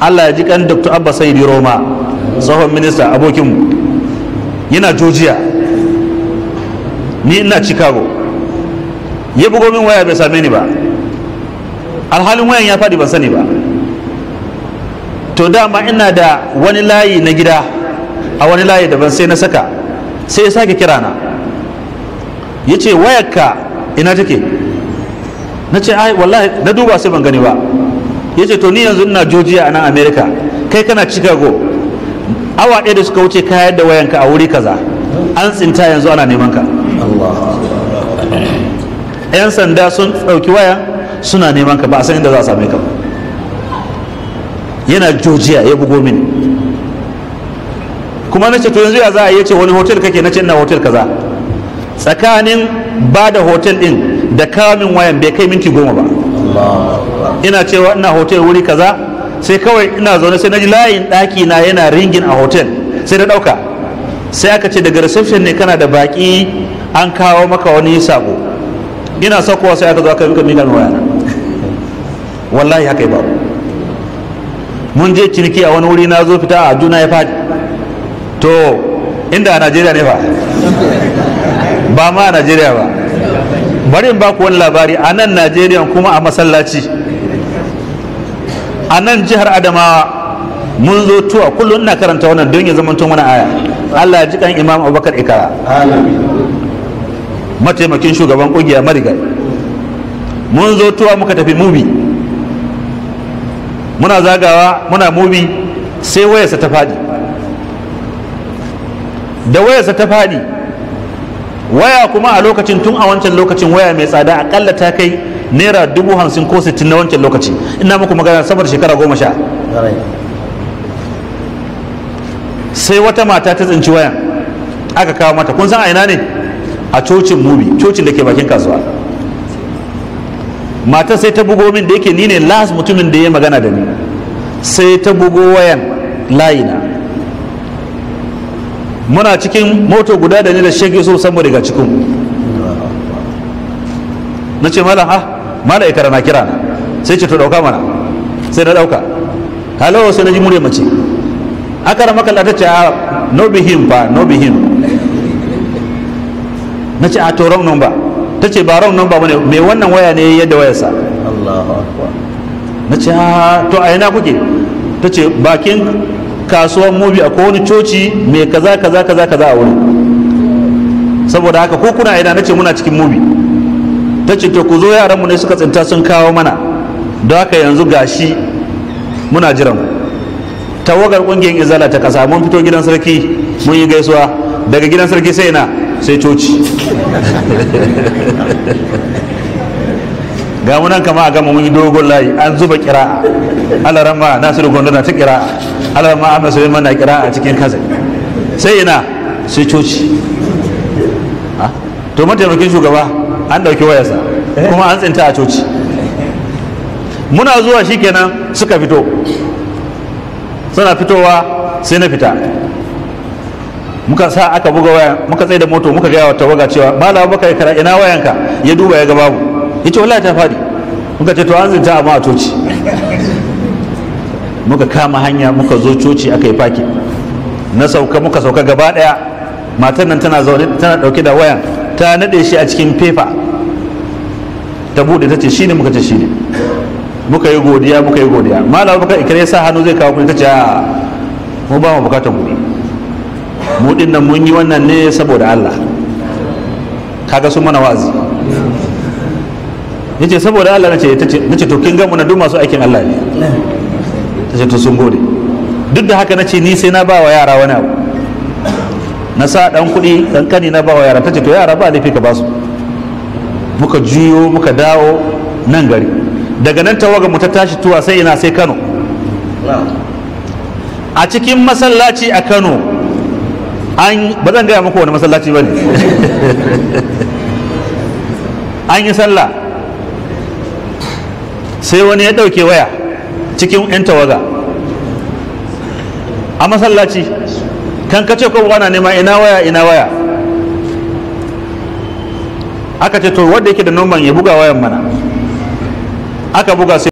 Allah ya ji kan Dr. Abba Said Roma tsohon minista abokinmu yana Georgia ni ina Chicago ya bugo min waya bai same ni ba alhalin wayan ya faɗi ban sani ba to dama ina da wani layi na gida a wani layi daban sai na saka sai ya sake kira na ya ce wayarka ina take na ce ai wallahi na duba sai ban gani ba ya ce to ni yanzu ina jojiya a nan america kai kana chicago awa ɗaya da suka wuce kayar da wayanka a wuri kaza an tsinta yanzu ana neman ka 'yan sanda sun ɗauki waya suna neman ka ba a san inda za a same ka ba yana jojiya ya bugo min kuma na ce to yanzu ya za a yi ce wani hotel kake na ce ina hotel kaza tsakanin ba da hotel din da kamin wayan bai kai minti goma ba ina cewa ina hotel wuri kaza sai kawai ina zaune sai na ji layin ɗaki na yana ringin a hotel sai na ɗauka sai aka ce daga reception ne kana da baƙi an kawo maka wani sako ina sakowa sai aka zo aka mika mika waya wallahi haka ba mun je ciniki a wani wuri na zo fita a juna ya faɗi to inda a najeriya ne ba ba ma a najeriya ba bari in baku wani labari a nan najeriya kuma a masallaci a nan jihar adamawa mun zo tuwa kullum ina karanta wannan don ya zama wani aya allah ji kan imam abubakar ikara mataimakin shugaban kungiyar marigai mun zo tuwa muka tafi mubi muna zagawa muna mubi sai wayarsa ta fadi da wayarsa ta fadi. waya kuma a lokacin tun a wancan lokacin waya mai tsada akalla ta kai naira dubu hamsin ko sittin na wancan lokaci ina muku magana saboda shekara goma sha sai wata mata ta tsinci wayan aka kawo mata kun san aina ne a cocin mubi cocin da ke bakin kasuwa mata sai ta bugo min da yake ni ne las mutumin da ya magana da ni sai ta bugo wayan layina muna cikin moto guda da ni da shek yusuf san daga cikin na ce malam ha malam ikara na kira sai ce to dauka mana sai na dauka halawa sai na ji murya mace aka rama kalla ta ce a ah, no be him ba no be him na ce a ah, to wrong number ta ce ba wrong number bane me wannan waya ne yadda wayarsa Allahu akbar na ce a ah, to a ina kuke ta ce bakin kasuwan mobi a wani coci mai kaza kaza kaza kaza a wuri saboda haka ko kuna ina ce muna cikin mobi ta ce to ku zo yaranmu ne suka tsinta sun kawo mana don haka yanzu gashi muna jiran tawagar kungiyar izala ta kasa mun fito gidan sarki mun yi gaisuwa daga gidan sarki sai na sai coci ga munan kama a gama mun yi dogon layi an zuba kira'a alaran ma nasiru gondo na ta kira Allah alaran ma amma na mana a cikin kaza sai ina sai coci to mataimakin shugaba an dauki wayarsa eh? kuma an tsinta a coci muna zuwa shikenan suka fito suna fitowa sai na fita muka sa aka buga waya muka tsaye da moto muka gaya wa tawaga cewa malam baka kara ina wayanka ya duba ya ga babu ce wallahi ta fadi muka ce to an zinta amma a coci muka kama hanya muka zo coci aka yi faki na sauka muka sauka gaba daya matan nan tana zaune tana dauke da wayan ta nade shi a cikin fefa ta bude ta ce shine muka ce shine muka yi godiya muka yi godiya malam baka ikire sa hannu zai kawo kuɗi ta ce a mu ba mu bukatar kuɗi mu din nan mun yi wannan ne saboda Allah kaga sun mana wazi ce saboda Allah na ce to kin gamu na duk masu aikin Allah ne ce to sun gode duk da haka na ce ni sai na ba wa yara wani abu na sa dan kuɗi kani na ba wa yara ce to yara ba laifi ka ba su muka juyo muka dawo nan gari daga nan tawaga mu ta tashi tuwa sai ina sai Kano a cikin masallaci a Kano an ba zan gaya muku wani masallaci ba ne an yi sallah sai wani ya ɗauke waya cikin 'yan tawaga a masallaci kan kace ko wana nema ina waya ina waya aka ce to wanda yake da noman ya buga wayan mana aka buga sai